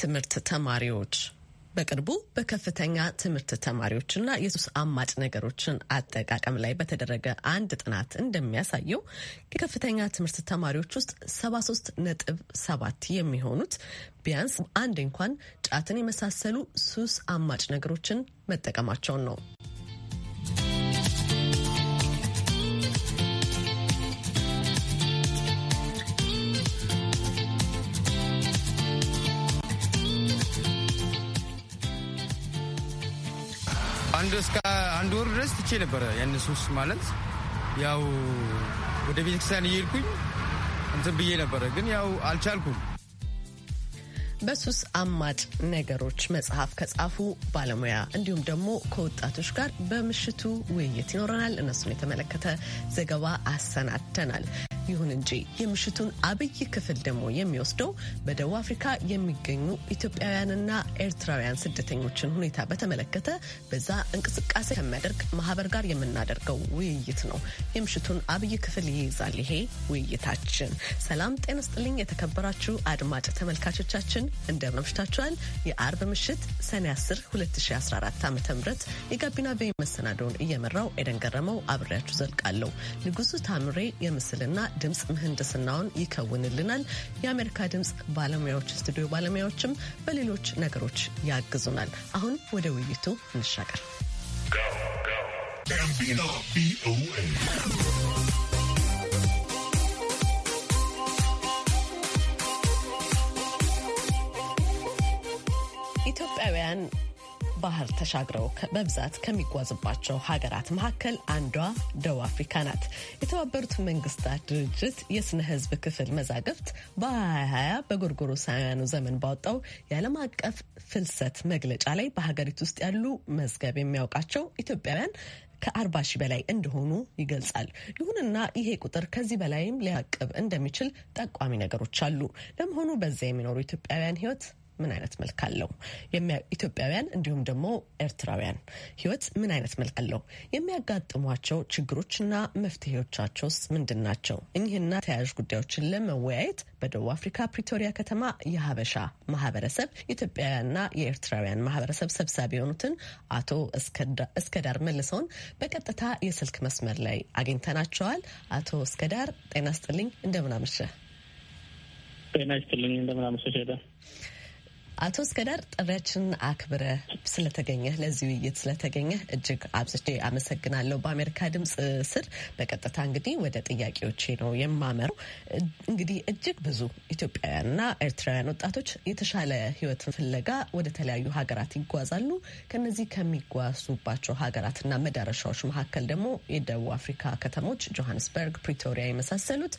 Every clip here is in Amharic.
ትምህርት ተማሪዎች በቅርቡ በከፍተኛ ትምህርት ተማሪዎችና የሱስ አማጭ ነገሮችን አጠቃቀም ላይ በተደረገ አንድ ጥናት እንደሚያሳየው የከፍተኛ ትምህርት ተማሪዎች ውስጥ 73 ነጥብ 7 የሚሆኑት ቢያንስ አንድ እንኳን ጫትን የመሳሰሉ ሱስ አማጭ ነገሮችን መጠቀማቸውን ነው። አንድ እስከ አንድ ወር ድረስ ትቼ ነበረ። ያን ሱስ ማለት ያው ወደ ቤተክርስቲያን እየሄድኩኝ እንትን ብዬ ነበረ፣ ግን ያው አልቻልኩም። በሱስ አማጭ ነገሮች መጽሐፍ ከጻፉ ባለሙያ እንዲሁም ደግሞ ከወጣቶች ጋር በምሽቱ ውይይት ይኖረናል። እነሱን የተመለከተ ዘገባ አሰናድተናል። ይሁን እንጂ የምሽቱን አብይ ክፍል ደግሞ የሚወስደው በደቡብ አፍሪካ የሚገኙ ኢትዮጵያውያንና ኤርትራውያን ስደተኞችን ሁኔታ በተመለከተ በዛ እንቅስቃሴ ከሚያደርግ ማህበር ጋር የምናደርገው ውይይት ነው። የምሽቱን አብይ ክፍል ይይዛል ይሄ ውይይታችን። ሰላም ጤና ስጥልኝ። የተከበራችሁ አድማጭ ተመልካቾቻችን እንደምን አምሽታችኋል? የአርብ ምሽት ሰኔ 10 2014 ዓ ም የጋቢና ቤ መሰናዶውን እየመራው ኤደን ገረመው አብሬያችሁ ዘልቃለሁ። ንጉሱ ታምሬ የምስልና ድምፅ ምህንድስናውን ይከውንልናል። የአሜሪካ ድምፅ ባለሙያዎች ስቱዲዮ ባለሙያዎችም በሌሎች ነገሮች ያግዙናል። አሁን ወደ ውይይቱ እንሻገር። ኢትዮጵያውያን ባህር ተሻግረው በብዛት ከሚጓዝባቸው ሀገራት መካከል አንዷ ደቡብ አፍሪካ ናት። የተባበሩት መንግስታት ድርጅት የስነ ህዝብ ክፍል መዛግብት በ2020 በጎርጎሮሳውያኑ ዘመን ባወጣው የዓለም አቀፍ ፍልሰት መግለጫ ላይ በሀገሪቱ ውስጥ ያሉ መዝገብ የሚያውቃቸው ኢትዮጵያውያን ከአርባ ሺህ በላይ እንደሆኑ ይገልጻል። ይሁንና ይሄ ቁጥር ከዚህ በላይም ሊያቅብ እንደሚችል ጠቋሚ ነገሮች አሉ። ለመሆኑ በዚያ የሚኖሩ ኢትዮጵያውያን ህይወት ምን አይነት መልክ አለው? ኢትዮጵያውያን እንዲሁም ደግሞ ኤርትራውያን ህይወት ምን አይነት መልክ አለው? የሚያጋጥሟቸው ችግሮችና መፍትሄዎቻቸውስ ምንድን ናቸው? እኚህና ተያያዥ ጉዳዮችን ለመወያየት በደቡብ አፍሪካ ፕሪቶሪያ ከተማ የሀበሻ ማህበረሰብ የኢትዮጵያውያንና የኤርትራውያን ማህበረሰብ ሰብሳቢ የሆኑትን አቶ እስከዳር መልሰውን በቀጥታ የስልክ መስመር ላይ አግኝተናቸዋል። አቶ እስከዳር ጤና ስጥልኝ፣ እንደምናመሸ ጤና ይስጥልኝ፣ እንደምናመሸ አቶ እስከዳር ጥሪያችን አክብረህ ስለተገኘህ ለዚህ ውይይት ስለተገኘህ እጅግ አብዝቼ አመሰግናለሁ። በአሜሪካ ድምጽ ስር በቀጥታ እንግዲህ ወደ ጥያቄዎች ነው የማመረው። እንግዲህ እጅግ ብዙ ኢትዮጵያውያንና ኤርትራውያን ወጣቶች የተሻለ ህይወትን ፍለጋ ወደ ተለያዩ ሀገራት ይጓዛሉ። ከነዚህ ከሚጓዙባቸው ሀገራትና መዳረሻዎች መካከል ደግሞ የደቡብ አፍሪካ ከተሞች ጆሀንስበርግ፣ ፕሪቶሪያ የመሳሰሉት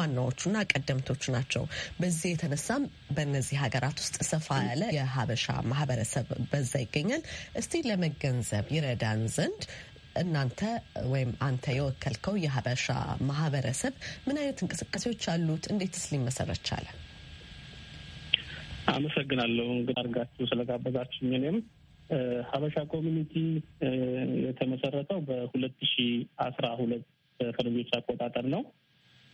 ዋናዎቹና ቀደምቶቹ ናቸው። በዚህ የተነሳም በእነዚህ ሀገራት ውስጥ ሰፋ ያለ የሀበሻ ማህበረሰብ በዛ ይገኛል። እስቲ ለመገንዘብ ይረዳን ዘንድ እናንተ ወይም አንተ የወከልከው የሀበሻ ማህበረሰብ ምን አይነት እንቅስቃሴዎች አሉት? እንዴትስ ሊመሰረት ቻለ? አመሰግናለሁ እንግዲህ አድርጋችሁ ስለጋበዛችሁኝ። እኔም ሀበሻ ኮሚኒቲ የተመሰረተው በሁለት ሺ አስራ ሁለት ፈረንጆች አቆጣጠር ነው።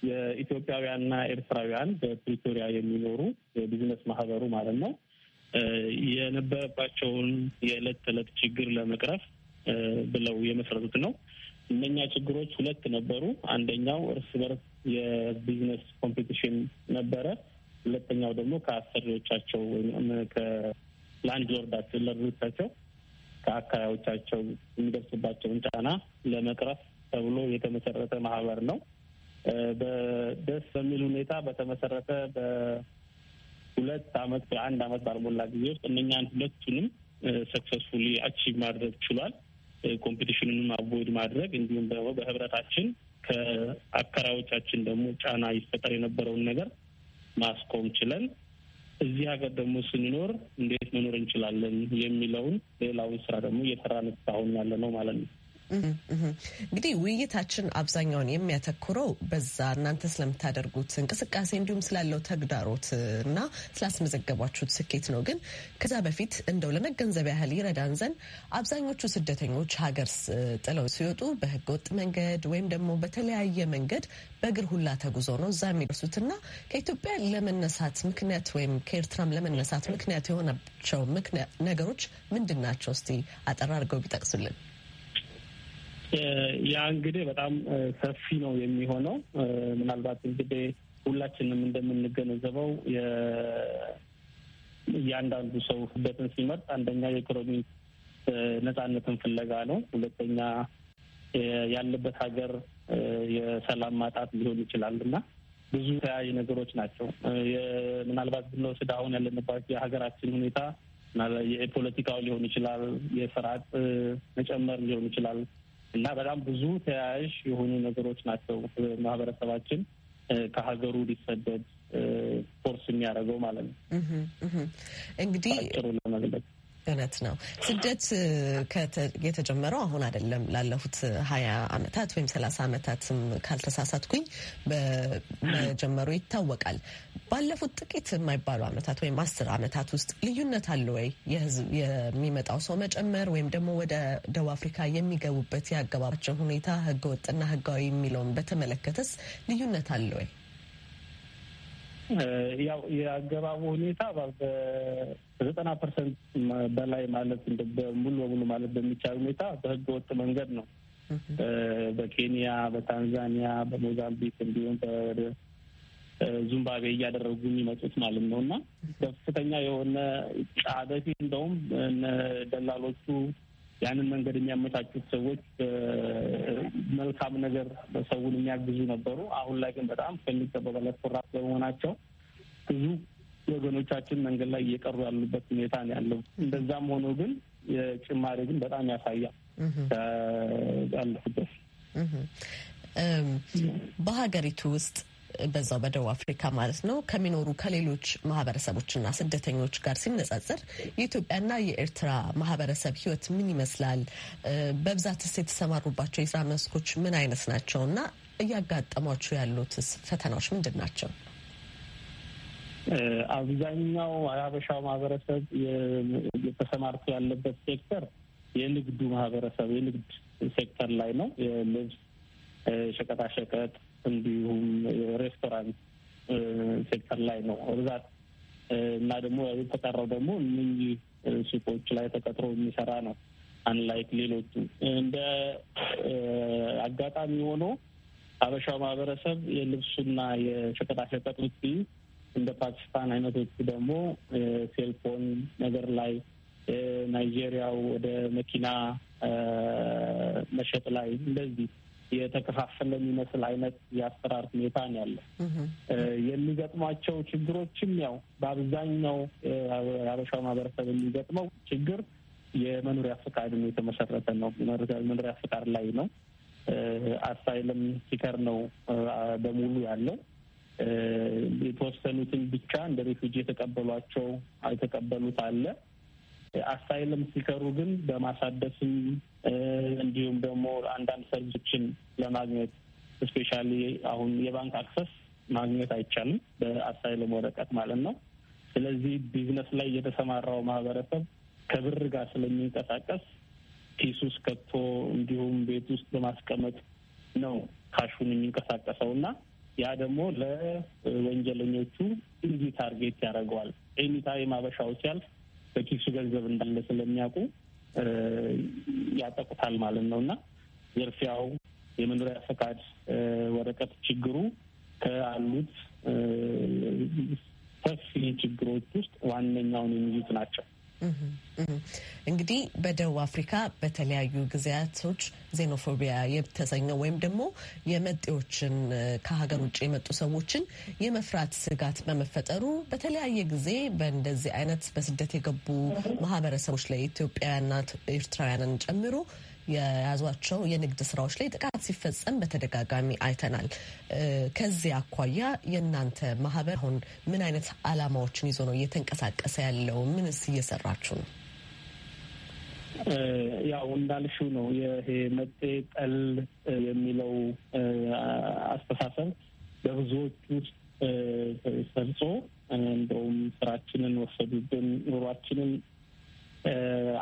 የኢትዮጵያውያንና ኤርትራውያን በፕሪቶሪያ የሚኖሩ የቢዝነስ ማህበሩ ማለት ነው የነበረባቸውን የዕለት ተዕለት ችግር ለመቅረፍ ብለው የመሰረቱት ነው። እነኛ ችግሮች ሁለት ነበሩ። አንደኛው እርስ በርስ የቢዝነስ ኮምፒቲሽን ነበረ። ሁለተኛው ደግሞ ከአሰሪዎቻቸው ወይም ከላንድ ሎርዳቸው ለርዶቻቸው ከአካባቢዎቻቸው የሚደርስባቸውን ጫና ለመቅረፍ ተብሎ የተመሰረተ ማህበር ነው። በደስ በሚል ሁኔታ በተመሰረተ ሁለት አመት አንድ አመት ባልሞላ ጊዜ ውስጥ እነኛን ሁለቱንም ሰክሰስፉሊ አቺቭ ማድረግ ችሏል። ኮምፒቲሽንንም አቮይድ ማድረግ እንዲሁም ደግሞ በህብረታችን ከአከራዮቻችን ደግሞ ጫና ይፈጠር የነበረውን ነገር ማስቆም ችለን እዚህ ሀገር ደግሞ ስንኖር እንዴት መኖር እንችላለን የሚለውን ሌላውን ስራ ደግሞ እየሰራን አሁን ያለ ነው ማለት ነው። እንግዲህ ውይይታችን አብዛኛውን የሚያተኩረው በዛ እናንተ ስለምታደርጉት እንቅስቃሴ እንዲሁም ስላለው ተግዳሮት እና ስላስመዘገቧችሁት ስኬት ነው። ግን ከዛ በፊት እንደው ለመገንዘብ ያህል ይረዳን ዘንድ አብዛኞቹ ስደተኞች ሀገር ጥለው ሲወጡ በህገወጥ መንገድ ወይም ደግሞ በተለያየ መንገድ በእግር ሁላ ተጉዞ ነው እዛ የሚደርሱትና ከኢትዮጵያ ለመነሳት ምክንያት ወይም ከኤርትራም ለመነሳት ምክንያት የሆናቸው ነገሮች ምንድን ናቸው? እስቲ አጠራርገው ቢጠቅሱልን። ያ እንግዲህ በጣም ሰፊ ነው የሚሆነው። ምናልባት እንግዲህ ሁላችንም እንደምንገነዘበው እያንዳንዱ ሰው ስደትን ሲመርጥ አንደኛ የኢኮኖሚ ነጻነትን ፍለጋ ነው። ሁለተኛ ያለበት ሀገር የሰላም ማጣት ሊሆን ይችላል እና ብዙ ተያያዥ ነገሮች ናቸው። ምናልባት ብንወስድ አሁን ያለንባት የሀገራችን ሁኔታ የፖለቲካው ሊሆን ይችላል፣ የስርዓት መጨመር ሊሆን ይችላል እና በጣም ብዙ ተያያዥ የሆኑ ነገሮች ናቸው ማህበረሰባችን ከሀገሩ ሊሰደድ ፎርስ የሚያደርገው ማለት ነው። እንግዲህ እውነት ነው። ስደት የተጀመረው አሁን አይደለም። ላለፉት ሀያ አመታት ወይም ሰላሳ አመታትም ካልተሳሳትኩኝ በመጀመሩ ይታወቃል። ባለፉት ጥቂት የማይባሉ አመታት ወይም አስር አመታት ውስጥ ልዩነት አለ ወይ? የህዝብ የሚመጣው ሰው መጨመር ወይም ደግሞ ወደ ደቡብ አፍሪካ የሚገቡበት የአገባባቸው ሁኔታ ህገወጥና ህጋዊ የሚለውን በተመለከተስ ልዩነት አለ ወይ? ያው የአገባቡ ሁኔታ በዘጠና ፐርሰንት በላይ ማለት ሙሉ በሙሉ ማለት በሚቻል ሁኔታ በህገ ወጥ መንገድ ነው። በኬንያ፣ በታንዛኒያ፣ በሞዛምቢክ እንዲሁም ወደ ዙምባቤ እያደረጉ የሚመጡት ማለት ነው እና ከፍተኛ የሆነ አደፊ እንደውም ደላሎቹ ያንን መንገድ የሚያመቻቹት ሰዎች መልካም ነገር ሰውን የሚያግዙ ነበሩ። አሁን ላይ ግን በጣም ከሚገባው በላይ በመሆናቸው ብዙ ወገኖቻችን መንገድ ላይ እየቀሩ ያሉበት ሁኔታ ነው ያለው። እንደዛም ሆኖ ግን የጭማሪ ግን በጣም ያሳያል ያለፉበት በሀገሪቱ ውስጥ በዛው በደቡብ አፍሪካ ማለት ነው ከሚኖሩ ከሌሎች ማህበረሰቦችና ስደተኞች ጋር ሲነጻጸር የኢትዮጵያና የኤርትራ ማህበረሰብ ህይወት ምን ይመስላል? በብዛትስ የተሰማሩባቸው የስራ መስኮች ምን አይነት ናቸው? እና እያጋጠሟቸው ያሉትስ ፈተናዎች ምንድን ናቸው? አብዛኛው የሀበሻው ማህበረሰብ የተሰማርቶ ያለበት ሴክተር የንግዱ ማህበረሰብ የንግድ ሴክተር ላይ ነው። የልብስ ሸቀጣሸቀጥ እንዲሁም ሬስቶራንት ሴክተር ላይ ነው በብዛት እና ደግሞ የተቀረው ደግሞ እነኚህ ሱቆች ላይ ተቀጥሮ የሚሰራ ነው። አንላይክ ሌሎቹ እንደ አጋጣሚ ሆኖ ሀበሻ ማህበረሰብ የልብሱና የሸቀጣሸቀጥ ውጪ እንደ ፓኪስታን አይነቶቹ ደግሞ ሴልፎን ነገር ላይ ናይጄሪያው ወደ መኪና መሸጥ ላይ እንደዚህ የተከፋፈለ የሚመስል አይነት የአሰራር ሁኔታ ነው ያለ። የሚገጥሟቸው ችግሮችም ያው በአብዛኛው የሀበሻው ማህበረሰብ የሚገጥመው ችግር የመኖሪያ ፍቃድ የተመሰረተ ነው። መኖሪያ ፍቃድ ላይ ነው። አሳይለም ሲከር ነው በሙሉ ያለው። የተወሰኑትን ብቻ እንደ ሪፉጂ የተቀበሏቸው የተቀበሉት አለ። አሳይለም ሲከሩ ግን በማሳደስም እንዲሁም ደግሞ አንዳንድ ሰርቪሶችን ለማግኘት ስፔሻሊ አሁን የባንክ አክሰስ ማግኘት አይቻልም በአሳይለም ወረቀት ማለት ነው። ስለዚህ ቢዝነስ ላይ የተሰማራው ማህበረሰብ ከብር ጋር ስለሚንቀሳቀስ ኪስ ውስጥ ከቶ እንዲሁም ቤት ውስጥ በማስቀመጥ ነው ካሹን የሚንቀሳቀሰው እና ያ ደግሞ ለወንጀለኞቹ እንዲ ታርጌት ያደርገዋል። ኤኒታይም አበሻው ሲያልፍ በኪሱ ገንዘብ እንዳለ ስለሚያውቁ ያጠቁታል ማለት ነው እና ዘርፊያው የመኖሪያ ፈቃድ ወረቀት ችግሩ ከአሉት ሰፊ ችግሮች ውስጥ ዋነኛውን የሚይዙት ናቸው። እንግዲህ በደቡብ አፍሪካ በተለያዩ ጊዜያቶች ዜኖፎቢያ የተሰኘው ወይም ደግሞ የመጤዎችን ከሀገር ውጭ የመጡ ሰዎችን የመፍራት ስጋት በመፈጠሩ በተለያየ ጊዜ በእንደዚህ አይነት በስደት የገቡ ማህበረሰቦች ላይ ኢትዮጵያውያንና ኤርትራውያንን ጨምሮ የያዟቸው የንግድ ስራዎች ላይ ጥቃት ሲፈጸም በተደጋጋሚ አይተናል። ከዚህ አኳያ የእናንተ ማህበር አሁን ምን አይነት አላማዎችን ይዞ ነው እየተንቀሳቀሰ ያለው? ምንስ እየሰራችሁ ነው? ያው እንዳልሽው ነው ይሄ መጤ ጠል የሚለው አስተሳሰብ በብዙዎች ውስጥ ሰርጾ እንደውም ስራችንን ወሰዱብን፣ ኑሯችንን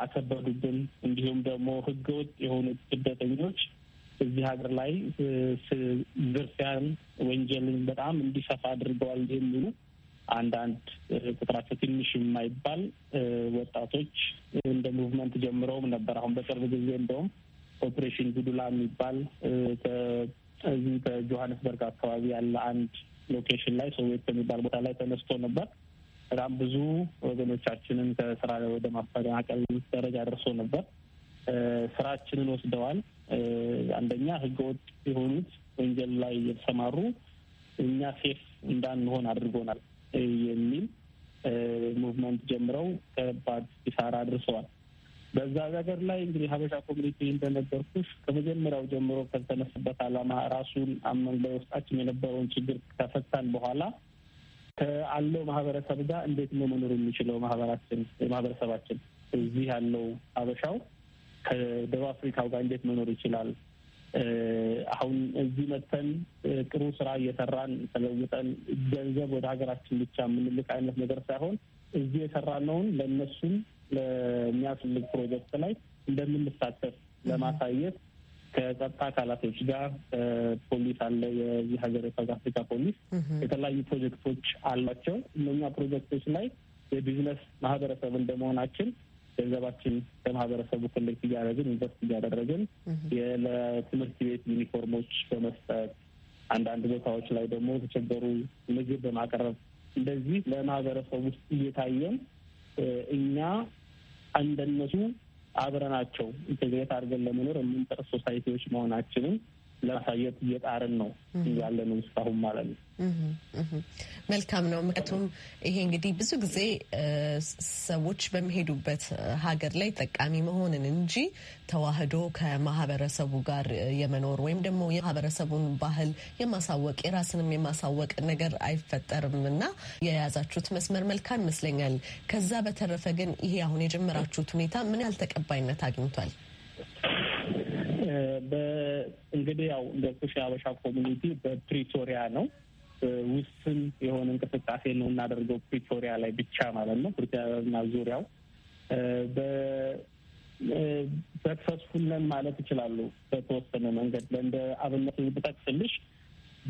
አከበዱብን። እንዲሁም ደግሞ ህገወጥ የሆኑት ስደተኞች እዚህ ሀገር ላይ ዝርፊያን፣ ወንጀልን በጣም እንዲሰፋ አድርገዋል የሚሉ አንዳንድ ቁጥራቸው ትንሽ የማይባል ወጣቶች እንደ ሙቭመንት ጀምረውም ነበር። አሁን በቅርብ ጊዜ እንደውም ኦፕሬሽን ጉዱላ የሚባል ከዚህ ከጆሀንስበርግ አካባቢ ያለ አንድ ሎኬሽን ላይ ሰዎች የሚባል ቦታ ላይ ተነስቶ ነበር። በጣም ብዙ ወገኖቻችንን ከስራ ወደ ማፈናቀል ደረጃ ደርሶ ነበር። ስራችንን ወስደዋል። አንደኛ ህገወጥ የሆኑት ወንጀል ላይ የተሰማሩ እኛ ሴፍ እንዳንሆን አድርጎናል የሚል ሙቭመንት ጀምረው ከባድ ኪሳራ አድርሰዋል። በዛ ነገር ላይ እንግዲህ ሀበሻ ኮሚኒቲ እንደነገርኩሽ ከመጀመሪያው ጀምሮ ከተነሱበት አላማ ራሱን አመን በውስጣችን የነበረውን ችግር ከፈታን በኋላ ከአለው ማህበረሰብ ጋር እንዴት ነው መኖር የሚችለው ማህበራችን ማህበረሰባችን እዚህ ያለው አበሻው ከደቡብ አፍሪካው ጋር እንዴት መኖር ይችላል? አሁን እዚህ መጥተን ጥሩ ስራ እየሰራን ተለውጠን ገንዘብ ወደ ሀገራችን ብቻ የምንልቅ አይነት ነገር ሳይሆን እዚህ የሰራነውን ለእነሱም ለሚያስፈልግ ፕሮጀክት ላይ እንደምንሳተፍ ለማሳየት ከጸጥታ አካላቶች ጋር ፖሊስ አለ። የዚህ ሀገር የሳውዝ አፍሪካ ፖሊስ የተለያዩ ፕሮጀክቶች አሏቸው። እነኛ ፕሮጀክቶች ላይ የቢዝነስ ማህበረሰብ እንደመሆናችን ገንዘባችን ለማህበረሰቡ ኮሌክት እያደረግን ኢንቨስት እያደረግን ለትምህርት ቤት ዩኒፎርሞች በመስጠት አንዳንድ ቦታዎች ላይ ደግሞ የተቸገሩ ምግብ በማቀረብ እንደዚህ ለማህበረሰቡ ውስጥ እየታየን እኛ እንደነሱ አብረናቸው ኢንቴግሬት አድርገን ለመኖር የምንጠር ሶሳይቲዎች መሆናችንን ለማሳየት እየጣርን ነው ያለነው እስካሁን ማለት ነው። መልካም ነው። ምክንያቱም ይሄ እንግዲህ ብዙ ጊዜ ሰዎች በሚሄዱበት ሀገር ላይ ጠቃሚ መሆንን እንጂ ተዋህዶ ከማህበረሰቡ ጋር የመኖር ወይም ደግሞ የማህበረሰቡን ባህል የማሳወቅ የራስንም የማሳወቅ ነገር አይፈጠርም እና የያዛችሁት መስመር መልካም ይመስለኛል። ከዛ በተረፈ ግን ይሄ አሁን የጀመራችሁት ሁኔታ ምን ያህል ተቀባይነት አግኝቷል? እንግዲህ ያው ገብቶሽ የአበሻ ኮሚኒቲ በፕሪቶሪያ ነው ውስን የሆነ እንቅስቃሴ ነው እናደርገው ፕሪቶሪያ ላይ ብቻ ማለት ነው። ፕሪቶሪያና ዙሪያው ሰክሰስፉል ማለት ይችላሉ። በተወሰነ መንገድ እንደ አብነት ብጠቅስልሽ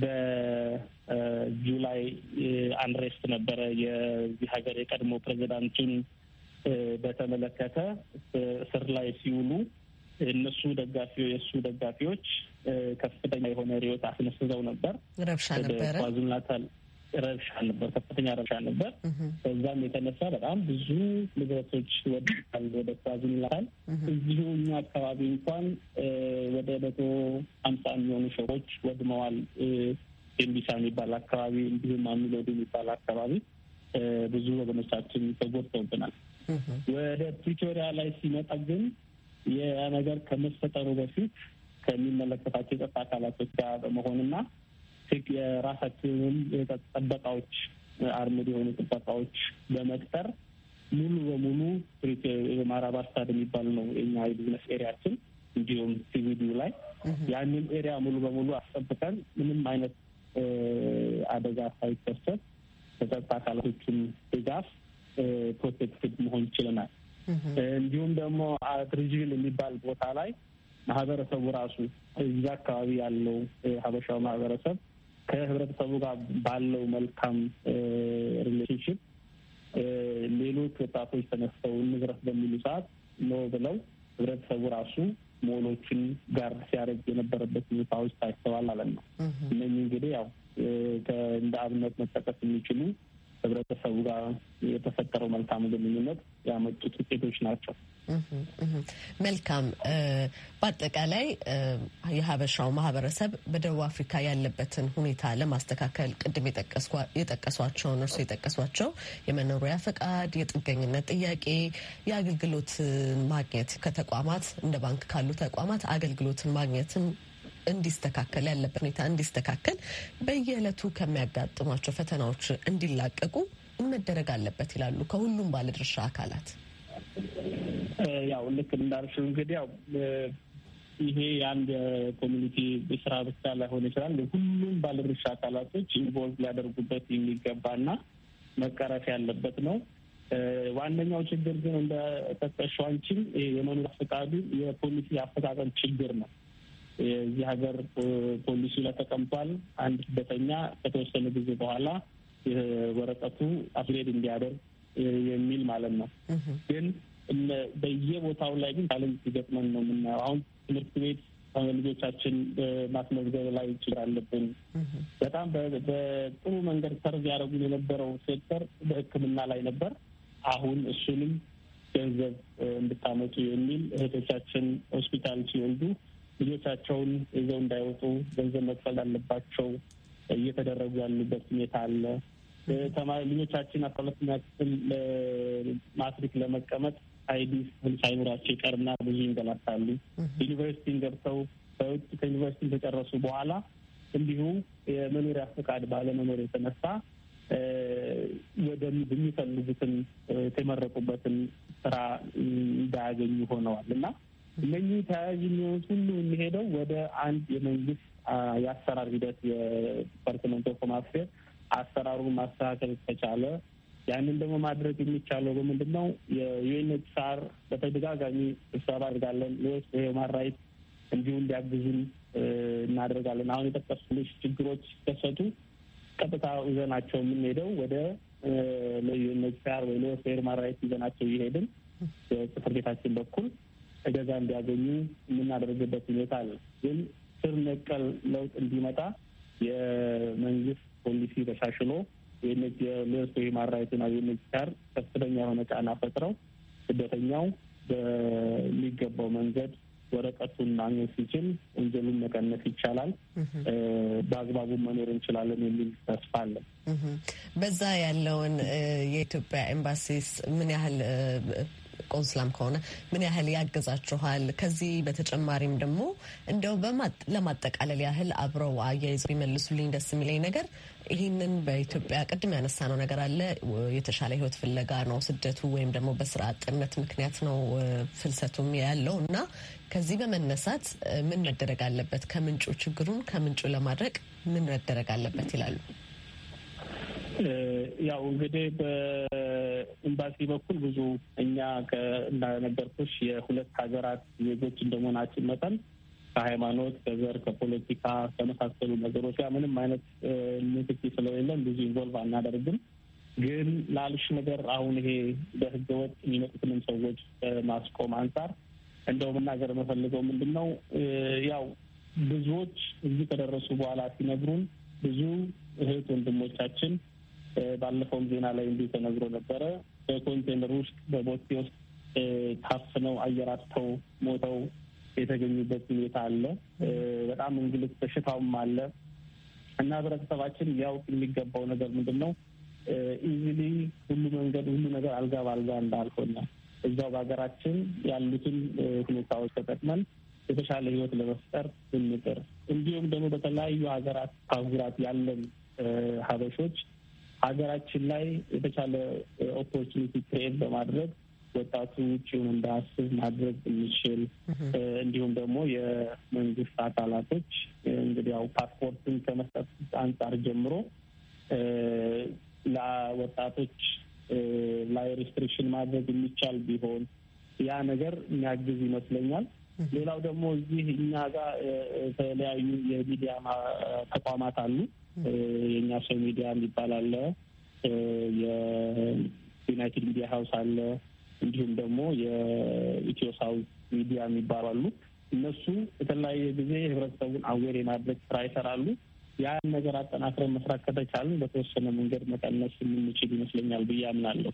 በጁላይ አንሬስት ነበረ የዚህ ሀገር የቀድሞ ፕሬዚዳንቱን በተመለከተ እስር ላይ ሲውሉ እነሱ ደጋፊ የእሱ ደጋፊዎች ከፍተኛ የሆነ ሪዮት አስነስተው ነበር። ረብሻ ነበረ፣ ኳዙላታል ረብሻ ነበር፣ ከፍተኛ ረብሻ ነበር። በዛም የተነሳ በጣም ብዙ ንብረቶች ወድቀዋል ወደ ኳዙላታል። እዚሁ እኛ አካባቢ እንኳን ወደ መቶ ሀምሳ የሚሆኑ ሰዎች ወድመዋል። ኤምቢሳ የሚባል አካባቢ እንዲሁም አሚሎዱ የሚባል አካባቢ ብዙ ወገኖቻችን ተጎድተውብናል። ወደ ፕሪቶሪያ ላይ ሲመጣ ግን ያ ነገር ከመፈጠሩ በፊት ከሚመለከታቸው የጸጥታ አካላቶች ጋር በመሆንና የራሳችንን ጥበቃዎች አርምድ የሆኑ ጥበቃዎች በመቅጠር ሙሉ በሙሉ ማራባር ስታድ የሚባል ነው የኛ የቢዝነስ ኤሪያችን፣ እንዲሁም ሲቪዲዩ ላይ ያንን ኤሪያ ሙሉ በሙሉ አስጠብቀን ምንም አይነት አደጋ ሳይከሰት ከጸጥታ አካላቶችን ድጋፍ ፕሮቴክትድ መሆን ችለናል። እንዲሁም ደግሞ ትሪጅቪል የሚባል ቦታ ላይ ማህበረሰቡ ራሱ እዛ አካባቢ ያለው ሀበሻው ማህበረሰብ ከህብረተሰቡ ጋር ባለው መልካም ሪሌሽንሽፕ ሌሎች ወጣቶች ተነስተው እንዝረፍ በሚሉ ሰዓት ነው ብለው ህብረተሰቡ ራሱ ሞሎችን ጋር ሲያደርግ የነበረበት ሁኔታዎች ታይተዋል ማለት ነው። እነህ እንግዲህ ያው እንደ አብነት መጠቀስ የሚችሉ ህብረተሰቡ ጋር የተፈጠረው መልካም ግንኙነት ያመጡት ውጤቶች ናቸው። መልካም። በአጠቃላይ የሀበሻው ማህበረሰብ በደቡብ አፍሪካ ያለበትን ሁኔታ ለማስተካከል ቅድም የጠቀሷቸውን እርሶ የጠቀሷቸው የመኖሪያ ፈቃድ፣ የጥገኝነት ጥያቄ፣ የአገልግሎትን ማግኘት ከተቋማት እንደ ባንክ ካሉ ተቋማት አገልግሎትን ማግኘትን እንዲስተካከል ያለበት ሁኔታ እንዲስተካከል በየዕለቱ ከሚያጋጥሟቸው ፈተናዎች እንዲላቀቁ መደረግ አለበት ይላሉ ከሁሉም ባለድርሻ አካላት። ያው ልክ እንዳልሽው እንግዲህ ያው ይሄ የአንድ ኮሚኒቲ ስራ ብቻ ላይሆን ይችላል። ሁሉም ባለድርሻ አካላቶች ኢንቮልቭ ሊያደርጉበት የሚገባና መቀረፍ ያለበት ነው። ዋነኛው ችግር ግን እንደጠቀሽው አንቺም የመኖሪያ ፈቃዱ የፖሊሲ አፈጣጠር ችግር ነው። የዚህ ሀገር ፖሊሲ ላይ ተቀምጧል። አንድ ስደተኛ ከተወሰነ ጊዜ በኋላ ወረቀቱ አፕግሬድ እንዲያደርግ የሚል ማለት ነው። ግን በየቦታው ላይ ግን ቻሌንጅ ሲገጥመን ነው የምናየው። አሁን ትምህርት ቤት ልጆቻችን ማስመዝገብ ላይ ችግር አለብን። በጣም በጥሩ መንገድ ሰርቭ ያደረጉን የነበረው ሴክተር በሕክምና ላይ ነበር። አሁን እሱንም ገንዘብ እንድታመጡ የሚል እህቶቻችን ሆስፒታል ሲወልዱ ልጆቻቸውን ይዘው እንዳይወጡ ገንዘብ መክፈል አለባቸው እየተደረጉ ያሉበት ሁኔታ አለ። ተማሪ ልጆቻችን አስራ ሁለተኛ ክፍል ማትሪክ ለመቀመጥ አይዲ ሳይኖራቸው ይቀርና ብዙ ይንገላታሉ። ዩኒቨርሲቲን ገብተው በውጭ ከዩኒቨርሲቲ ከጨረሱ በኋላ እንዲሁ የመኖሪያ ፈቃድ ባለመኖር የተነሳ ወደ የሚፈልጉትን የተመረቁበትን ስራ እንዳያገኙ ሆነዋል እና እነኚህ ተያያዥ የሚሆኑት ሁሉ የሚሄደው ወደ አንድ የመንግስት የአሰራር ሂደት የዲፓርትመንት ኦፍ ሆም አሰራሩን ማስተካከል ተቻለ። ያንን ደግሞ ማድረግ የሚቻለው በምንድን ነው? የዩኤንኤችሲአር በተደጋጋሚ ስብሰባ አድርጋለን። ሌሎች የሂውማን ራይት እንዲሁ እንዲያግዙን እናደርጋለን። አሁን የጠቀሱልሽ ችግሮች ሲከሰቱ ቀጥታ ይዘናቸው የምንሄደው ወደ ለዩኤንኤችሲአር ወይ ሌሎች የሂውማን ራይት ይዘናቸው እየሄድን በጽህፈት ቤታችን በኩል እገዛ እንዲያገኙ የምናደርግበት ሁኔታ አለ። ግን ስር ነቀል ለውጥ እንዲመጣ የመንግስት ፖሊሲ ተሻሽሎ የሌርስ ሂውማን ራይትና ጋር ከፍተኛ የሆነ ጫና ፈጥረው ስደተኛው በሚገባው መንገድ ወረቀቱን ማግኘት ሲችል ወንጀሉን መቀነስ ይቻላል፣ በአግባቡ መኖር እንችላለን የሚል ተስፋ አለን። በዛ ያለውን የኢትዮጵያ ኤምባሲስ ምን ያህል ቆንስላም ከሆነ ምን ያህል ያግዛችኋል? ከዚህ በተጨማሪም ደግሞ እንደው ለማጠቃለል ያህል አብረው አያይዘው ቢመልሱልኝ ደስ የሚለኝ ነገር ይህንን በኢትዮጵያ ቅድም ያነሳ ነው ነገር አለ። የተሻለ ህይወት ፍለጋ ነው ስደቱ ወይም ደግሞ በስራ አጥነት ምክንያት ነው ፍልሰቱም ያለው እና ከዚህ በመነሳት ምን መደረግ አለበት፣ ከምንጩ ችግሩን ከምንጩ ለማድረግ ምን መደረግ አለበት ይላሉ። ያው እንግዲህ በኤምባሲ በኩል ብዙ እኛ እንዳነገርኩሽ የሁለት ሀገራት ዜጎች እንደመሆናችን መጠን ከሃይማኖት፣ ከዘር፣ ከፖለቲካ ከመሳሰሉ ነገሮች ጋር ምንም አይነት ንክኪ ስለሌለን ብዙ ኢንቮልቭ አናደርግም። ግን ላልሽ ነገር አሁን ይሄ ወጥ የሚመጡትንም ሰዎች ማስቆም አንጻር እንደው መናገር የምፈልገው ምንድን ነው ያው ብዙዎች እዚህ ከደረሱ በኋላ ሲነግሩን ብዙ እህት ወንድሞቻችን ባለፈውም ዜና ላይ እንዲሁ ተነግሮ ነበረ። በኮንቴነር ውስጥ በቦቴ ውስጥ ታፍነው አየር አጥተው ሞተው የተገኙበት ሁኔታ አለ። በጣም እንግልት በሽታውም አለ እና ህብረተሰባችን ሊያውቅ የሚገባው ነገር ምንድን ነው? ኢዚሊ ሁሉ መንገድ ሁሉ ነገር አልጋ በአልጋ እንዳልሆነ እዛው በሀገራችን ያሉትን ሁኔታዎች ተጠቅመን የተሻለ ህይወት ለመፍጠር ብንጥር እንዲሁም ደግሞ በተለያዩ ሀገራት አህጉራት ያለን ሀበሾች ሀገራችን ላይ የተቻለ ኦፖርቹኒቲ ክሬት በማድረግ ወጣቱ ውጭውን እንዳስብ ማድረግ ብንችል፣ እንዲሁም ደግሞ የመንግስት አካላቶች እንግዲህ ያው ፓስፖርትን ከመስጠት አንጻር ጀምሮ ለወጣቶች ላይ ሪስትሪክሽን ማድረግ የሚቻል ቢሆን ያ ነገር የሚያግዝ ይመስለኛል። ሌላው ደግሞ እዚህ እኛ ጋር የተለያዩ የሚዲያ ተቋማት አሉ። የእኛ ሰው ሚዲያ የሚባል አለ፣ የዩናይትድ ሚዲያ ሀውስ አለ፣ እንዲሁም ደግሞ የኢትዮ ሳውዝ ሚዲያ የሚባሉ አሉ። እነሱ በተለያየ ጊዜ ህብረተሰቡን አዌር የማድረግ ስራ ይሰራሉ። ያን ነገር አጠናክረን መስራት ከተቻሉ በተወሰነ መንገድ መቀነስ የምንችል ይመስለኛል ብዬ አምናለሁ።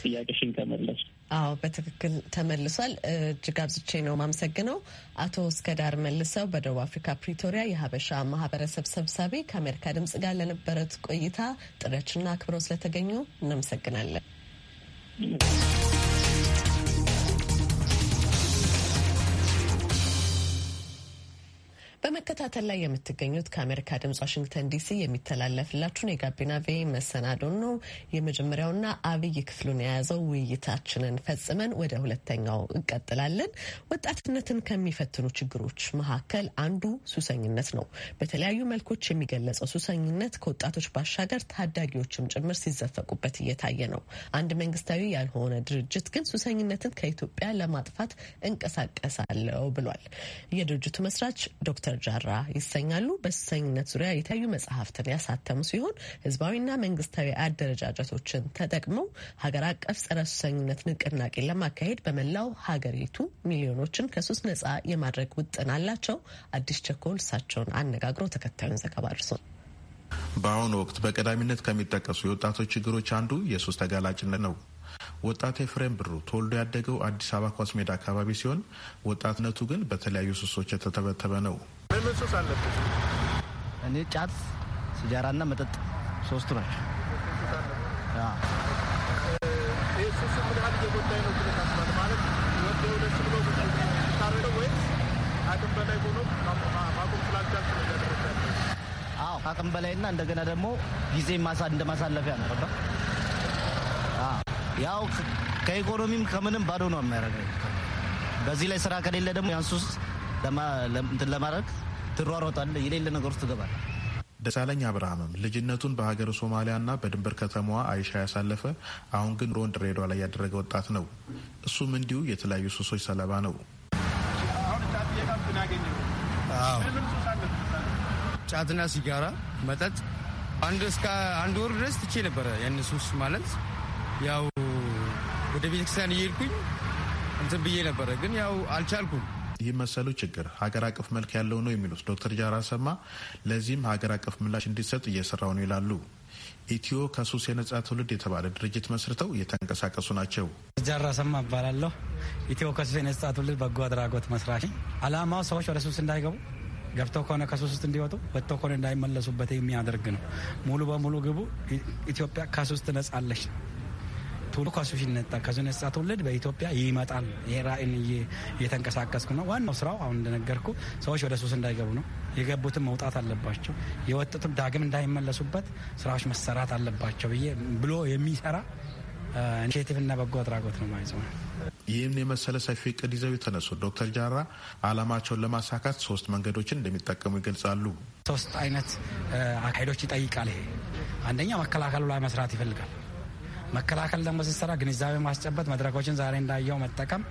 ጥያቄሽን ከመለስ አዎ፣ በትክክል ተመልሷል። እጅግ አብዝቼ ነው ማመሰግነው። አቶ እስከዳር መልሰው በደቡብ አፍሪካ ፕሪቶሪያ የሀበሻ ማህበረሰብ ሰብሳቢ ከአሜሪካ ድምጽ ጋር ለነበረት ቆይታ ጥሪያችንና አክብረው ስለተገኙ እናመሰግናለን። በመከታተል ላይ የምትገኙት ከአሜሪካ ድምጽ ዋሽንግተን ዲሲ የሚተላለፍላችሁን የጋቢና ቬ መሰናዶን ነው። የመጀመሪያውና አብይ ክፍሉን የያዘው ውይይታችንን ፈጽመን ወደ ሁለተኛው እንቀጥላለን። ወጣትነትን ከሚፈትኑ ችግሮች መካከል አንዱ ሱሰኝነት ነው። በተለያዩ መልኮች የሚገለጸው ሱሰኝነት ከወጣቶች ባሻገር ታዳጊዎችም ጭምር ሲዘፈቁበት እየታየ ነው። አንድ መንግስታዊ ያልሆነ ድርጅት ግን ሱሰኝነትን ከኢትዮጵያ ለማጥፋት እንቀሳቀሳለው ብሏል። የድርጅቱ መስራች ዶክተር ጃ ጠራ ይሰኛሉ። በሱሰኝነት ዙሪያ የተለያዩ መጽሐፍትን ያሳተሙ ሲሆን ህዝባዊና መንግስታዊ አደረጃጀቶችን ተጠቅመው ሀገር አቀፍ ጸረ ሱሰኝነት ንቅናቄን ለማካሄድ በመላው ሀገሪቱ ሚሊዮኖችን ከሱስ ነጻ የማድረግ ውጥን አላቸው። አዲስ ቸኮል እሳቸውን አነጋግሮ ተከታዩን ዘገባ አድርሷል። በአሁኑ ወቅት በቀዳሚነት ከሚጠቀሱ የወጣቶች ችግሮች አንዱ የሱስ ተጋላጭነት ነው። ወጣት ኤፍሬም ብሩ ተወልዶ ያደገው አዲስ አበባ ኳስ ሜዳ አካባቢ ሲሆን ወጣትነቱ ግን በተለያዩ ሱሶች የተተበተበ ነው። ምን ሱስ አለበት? እኔ ጫት፣ ሲጃራና መጠጥ ሶስቱ ናቸው። አቅም በላይና እንደገና ደግሞ ጊዜ እንደ ማሳለፊያ ነው። ያው ከኢኮኖሚም ከምንም ባዶ ነው የሚያደርገው። በዚህ ላይ ስራ ከሌለ ደግሞ ያንሱስ ለማድረግ ትሯሯጣለ፣ የሌለ ነገር ውስጥ ትገባለ። ደሳለኝ አብርሃምም ልጅነቱን በሀገር ሶማሊያና በድንበር ከተማዋ አይሻ ያሳለፈ አሁን ግን ሮንድ ሬዷ ላይ ያደረገ ወጣት ነው። እሱም እንዲሁ የተለያዩ ሱሶች ሰለባ ነው። ጫትና ሲጋራ፣ መጠጥ አንድ እስከ አንድ ወር ድረስ ትቼ ነበረ። ያን ሱስ ማለት ያው ወደ ቤተክርስቲያን እየሄድኩኝ እንትን ብዬ ነበረ፣ ግን ያው አልቻልኩም። ይህ መሰሉ ችግር ሀገር አቀፍ መልክ ያለው ነው የሚሉት ዶክተር ጃራ ሰማ ለዚህም ሀገር አቀፍ ምላሽ እንዲሰጥ እየሰራው ነው ይላሉ። ኢትዮ ከሱስ የነጻ ትውልድ የተባለ ድርጅት መስርተው እየተንቀሳቀሱ ናቸው። ጃራ ሰማ እባላለሁ። ኢትዮ ከሱስ የነጻ ትውልድ በጎ አድራጎት መስራች። አላማው ሰዎች ወደ ሱስ እንዳይገቡ ገብተው ከሆነ ከሱስ ውስጥ እንዲወጡ ወጥተው ከሆነ እንዳይመለሱበት የሚያደርግ ነው። ሙሉ በሙሉ ግቡ ኢትዮጵያ ከሱስ ትነጻለች ትውልድ ከሱ ሲነጣ ከዚ ነጻ ትውልድ በኢትዮጵያ ይመጣል። ይሄ ራዕይን እየተንቀሳቀስኩ ነው። ዋናው ስራው አሁን እንደነገርኩ ሰዎች ወደ ሱስ እንዳይገቡ ነው። የገቡትም መውጣት አለባቸው። የወጡትም ዳግም እንዳይመለሱበት ስራዎች መሰራት አለባቸው ብዬ ብሎ የሚሰራ እና በጎ አድራጎት ነው ማለት ነው። ይህን የመሰለ ሰፊ እቅድ ይዘው የተነሱት ዶክተር ጃራ አላማቸውን ለማሳካት ሶስት መንገዶችን እንደሚጠቀሙ ይገልጻሉ። ሶስት አይነት አካሄዶች ይጠይቃል። ይሄ አንደኛ መከላከሉ ላይ መስራት ይፈልጋል። መከላከል ደግሞ ሲሰራ ግንዛቤ ማስጨበጥ መድረኮችን ዛሬ እንዳየው መጠቀም፣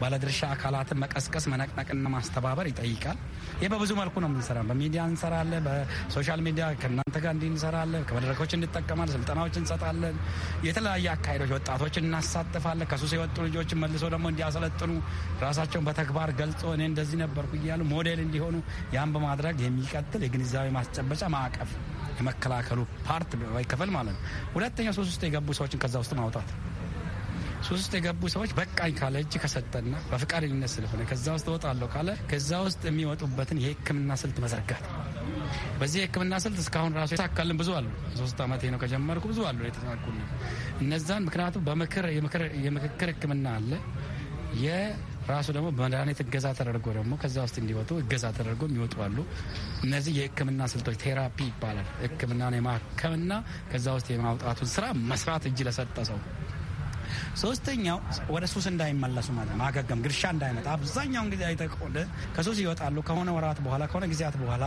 ባለድርሻ አካላትን መቀስቀስ፣ መነቅነቅና ማስተባበር ይጠይቃል። ይህ በብዙ መልኩ ነው የምንሰራ። በሚዲያ እንሰራለን፣ በሶሻል ሚዲያ ከእናንተ ጋር እንዲህ እንሰራለን፣ ከመድረኮች እንጠቀማለን፣ ስልጠናዎች እንሰጣለን፣ የተለያየ አካሄዶች ወጣቶች እናሳትፋለን። ከሱስ የወጡ ልጆችን መልሶ ደግሞ እንዲያሰለጥኑ ራሳቸውን በተግባር ገልጾ እኔ እንደዚህ ነበርኩ እያሉ ሞዴል እንዲሆኑ ያን በማድረግ የሚቀጥል የግንዛቤ ማስጨበጫ ማዕቀፍ የመከላከሉ ፓርት ይከፈል ማለት ነው። ሁለተኛ ሶስት ውስጥ የገቡ ሰዎችን ከዛ ውስጥ ማውጣት ሶስት ውስጥ የገቡ ሰዎች በቃኝ ካለ እጅ ከሰጠና በፈቃደኝነት ስለሆነ ከዛ ውስጥ እወጣለሁ ካለ ከዛ ውስጥ የሚወጡበትን የሕክምና ስልት መዘርጋት። በዚህ የሕክምና ስልት እስካሁን ራሱ የታካልን ብዙ አሉ። ሶስት ዓመት ነው ከጀመርኩ ብዙ አሉ የተሳኩ እነዛን ምክንያቱም በምክር የምክክር ሕክምና አለ ራሱ ደግሞ በመድኃኒት እገዛ ተደርጎ ደግሞ ከዛ ውስጥ እንዲወጡ እገዛ ተደርጎ የሚወጡ አሉ። እነዚህ የህክምና ስልቶች ቴራፒ ይባላል። ህክምናን የማከምና ከዛ ውስጥ የማውጣቱን ስራ መስራት እጅ ለሰጠ ሰው ሶስተኛው ወደ ሱስ እንዳይመለሱ ማለት ነው። ማገገም ግርሻ እንዳይመጣ አብዛኛውን ጊዜ አይተህ ከሆነ ከሱስ ይወጣሉ። ከሆነ ወራት በኋላ ከሆነ ጊዜያት በኋላ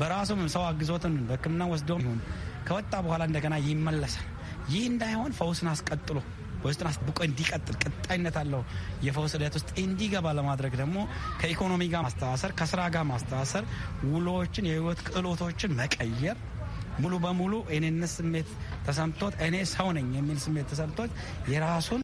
በራሱም ሰው አግዞትን በህክምና ወስዶም ይሁን ከወጣ በኋላ እንደገና ይመለሳል። ይህ እንዳይሆን ፈውስን አስቀጥሎ በውስጥን አስጥብቆ እንዲቀጥል ቀጣይነት አለው የፈውስ ሂደት ውስጥ እንዲገባ ለማድረግ ደግሞ ከኢኮኖሚ ጋር ማስተሳሰር፣ ከስራ ጋር ማስተሳሰር፣ ውሎዎችን፣ የህይወት ክህሎቶችን መቀየር ሙሉ በሙሉ እኔነት ስሜት ተሰምቶት እኔ ሰው ነኝ የሚል ስሜት ተሰምቶት የራሱን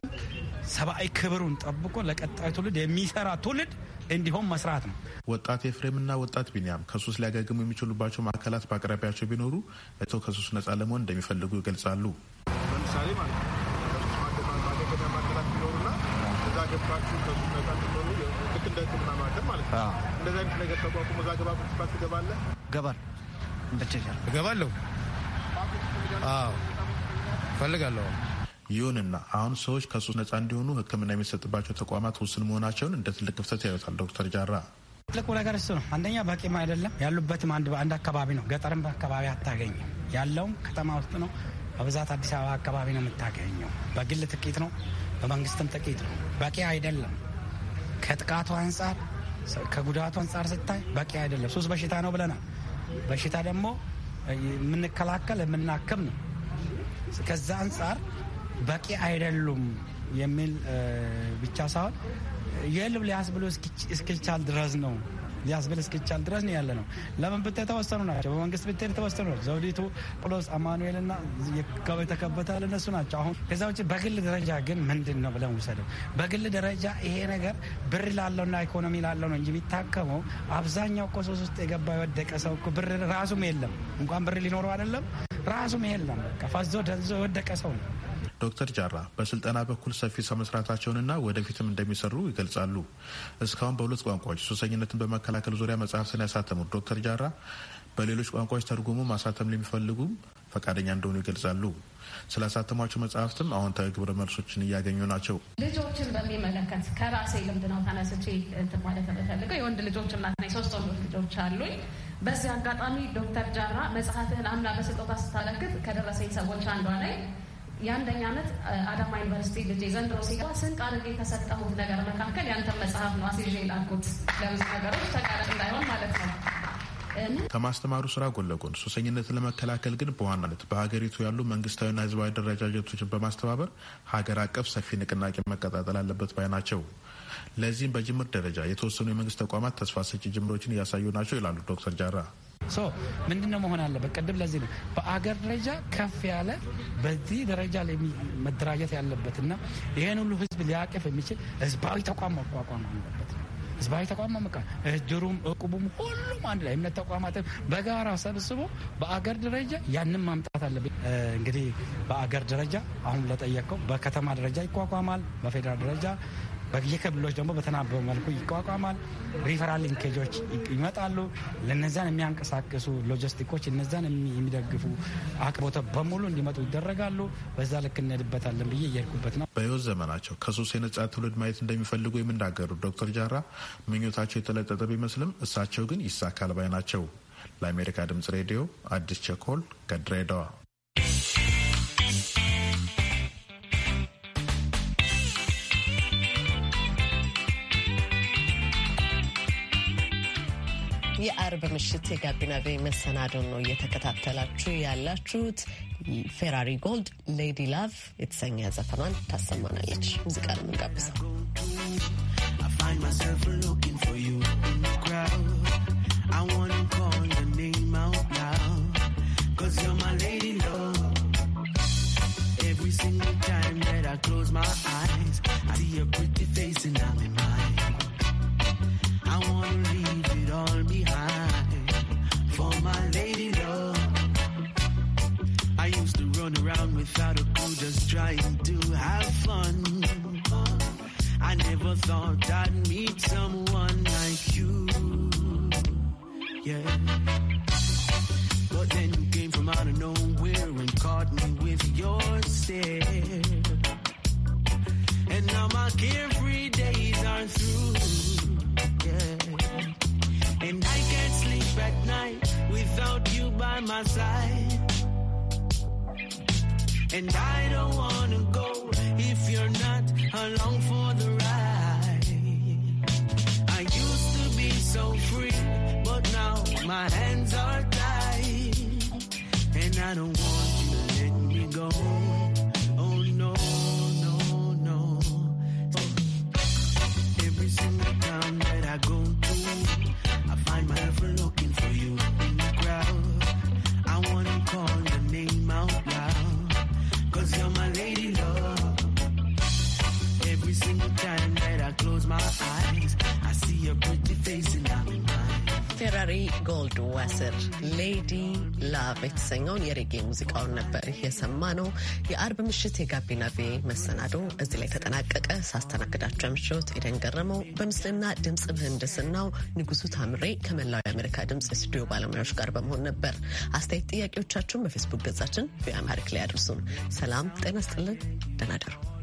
ሰብአዊ ክብሩን ጠብቆ ለቀጣዩ ትውልድ የሚሰራ ትውልድ እንዲሆን መስራት ነው። ወጣት ኤፍሬምና ወጣት ቢኒያም ከሱስ ሊያገግሙ የሚችሉባቸው ማዕከላት በአቅራቢያቸው ቢኖሩ እተው ከሱስ ነጻ ለመሆን እንደሚፈልጉ ይገልጻሉ። ለምሳሌ ማለት ነው ገብታችሁ ነጻ ልክ እንደ ማዕከል ማለት ነው። እንደዚህ አይነት ነገር ተቋቁሞ እዛ ገባ ትገባለህ? ገባል ፈልጋለሁ። ይሁንና አሁን ሰዎች ከሱስ ነጻ እንዲሆኑ ህክምና የሚሰጥባቸው ተቋማት ውስን መሆናቸውን እንደ ትልቅ ክፍተት ያዩታል ዶክተር ጃራ። ትልቁ ነገር እሱ ነው። አንደኛ በቂም አይደለም። ያሉበትም አንድ አንድ አካባቢ ነው። ገጠርም በአካባቢ አታገኝም። ያለውም ከተማ ውስጥ ነው። በብዛት አዲስ አበባ አካባቢ ነው የምታገኘው። በግል ጥቂት ነው። በመንግስትም ጥቂት ነው፣ በቂ አይደለም። ከጥቃቱ አንጻር ከጉዳቱ አንጻር ስታይ በቂ አይደለም። ሱስ በሽታ ነው ብለናል። በሽታ ደግሞ የምንከላከል የምናክም ነው። ከዛ አንጻር በቂ አይደሉም የሚል ብቻ ሳይሆን የልብ ሊያስ ብሎ እስኪቻል ድረስ ነው ሊያስብል እስኪቻል ድረስ ነው ያለ ነው። ለምን ብታይ የተወሰኑ ናቸው። በመንግስት ብትሄድ የተወሰኑ ናቸው። ዘውዲቱ፣ ጳውሎስ፣ አማኑኤል ና የተከበታል እነሱ ናቸው። አሁን ከዛ ውጭ በግል ደረጃ ግን ምንድን ነው ብለን ውሰደው። በግል ደረጃ ይሄ ነገር ብር ላለው ና ኢኮኖሚ ላለው ነው እንጂ የሚታከመው አብዛኛው ቆሶስ ውስጥ የገባ የወደቀ ሰው ብር ራሱም የለም እንኳን ብር ሊኖረው አይደለም ራሱም የለም። በቃ ፈዞ ደንዞ የወደቀ ሰው ነው። ዶክተር ጃራ በስልጠና በኩል ሰፊ ስራ መስራታቸውንና ወደፊትም እንደሚሰሩ ይገልጻሉ። እስካሁን በሁለት ቋንቋዎች ሱሰኝነትን በመከላከል ዙሪያ መጽሐፍትን ያሳተሙት ዶክተር ጃራ በሌሎች ቋንቋዎች ተርጉሙ ማሳተም ለሚፈልጉም ፈቃደኛ እንደሆኑ ይገልጻሉ። ስላሳተሟቸው መጽሐፍትም አዎንታዊ ግብረ መልሶችን እያገኙ ናቸው። ልጆችን በሚመለከት ከራሴ ልምድ ነው ተነስቼ ማለት የምፈልገው የወንድ ልጆች እናት ነኝ። ሶስት ወንዶች ልጆች አሉኝ። በዚህ አጋጣሚ ዶክተር ጃራ መጽሐፍህን አምና በስጦታ ስታለግት ከደረሰኝ ሰዎች አንዷ ላይ የአንደኛ ዓመት አዳማ ዩኒቨርሲቲ ልጄ ዘንድሮ ሲገባ ስንቅ አድርጌ ከሰጠሁት ነገር መካከል ያንተን መጽሐፍ ነው አስይዤ ላኩት። ለብዙ ነገሮች ተቃረጥ እንዳይሆን ማለት ነው። ከማስተማሩ ስራ ጎን ለጎን ሱሰኝነትን ለመከላከል ግን በዋናነት በሀገሪቱ ያሉ መንግስታዊና ህዝባዊ አደረጃጀቶችን በማስተባበር ሀገር አቀፍ ሰፊ ንቅናቄ መቀጣጠል አለበት ባይ ናቸው። ለዚህም በጅምር ደረጃ የተወሰኑ የመንግስት ተቋማት ተስፋ ሰጪ ጅምሮችን እያሳዩ ናቸው ይላሉ ዶክተር ጃራ ሶ ምንድነው መሆን አለበት? ቅድም ለዚህ ነው በአገር ደረጃ ከፍ ያለ በዚህ ደረጃ ላይ መደራጀት ያለበት እና ይህን ሁሉ ህዝብ ሊያቅፍ የሚችል ህዝባዊ ተቋም መቋቋም አለበት። ህዝባዊ ተቋም መመቃ እድሩም እቁቡም ሁሉም አንድ ላይ እምነት ተቋማት በጋራ ሰብስቦ በአገር ደረጃ ያንን ማምጣት አለብን። እንግዲህ በአገር ደረጃ አሁን ለጠየቀው በከተማ ደረጃ ይቋቋማል፣ በፌዴራል ደረጃ የክልሎች ደግሞ በተናበበ መልኩ ይቋቋማል። ሪፈራል ሊንኬጆች ይመጣሉ። ለነዛን የሚያንቀሳቅሱ ሎጂስቲኮች፣ እነዛን የሚደግፉ አቅቦተ በሙሉ እንዲመጡ ይደረጋሉ። በዛ ልክ እንሄድበታለን ብዬ እየሄድኩበት ነው። በህይወት ዘመናቸው ከሱስ የነጻ ትውልድ ማየት እንደሚፈልጉ የምናገሩ ዶክተር ጃራ ምኞታቸው የተለጠጠ ቢመስልም እሳቸው ግን ይሳካል ባይ ናቸው። ለአሜሪካ ድምጽ ሬዲዮ አዲስ ቸኮል ከድሬዳዋ የአርብ ምሽት የጋቢና ቤ መሰናዶን ነው እየተከታተላችሁ ያላችሁት። ፌራሪ ጎልድ ሌዲ ላቭ የተሰኘ ዘፈኗን ታሰማናለች። ሙዚቃ ነው የምንጋብዘው። close my eyes, I see your pretty face and I'm in my በአድዋ ዋስር ሌዲ ላቭ የተሰኘውን የሬጌ ሙዚቃውን ነበር የሰማ ነው። የአርብ ምሽት የጋቢና ቤ መሰናዶ እዚህ ላይ ተጠናቀቀ። ሳስተናግዳቸው ምሽት ኤደን ገረመው፣ በምስልና ድምፅ ምህንድስናው ንጉሱ ታምሬ ከመላው የአሜሪካ ድምፅ የስቱዲዮ ባለሙያዎች ጋር በመሆን ነበር። አስተያየት ጥያቄዎቻችሁን በፌስቡክ ገጻችን ቪኦኤ አማርኛ ላይ አድርሱን። ሰላም ጤና ስጥልን። ደናደሩ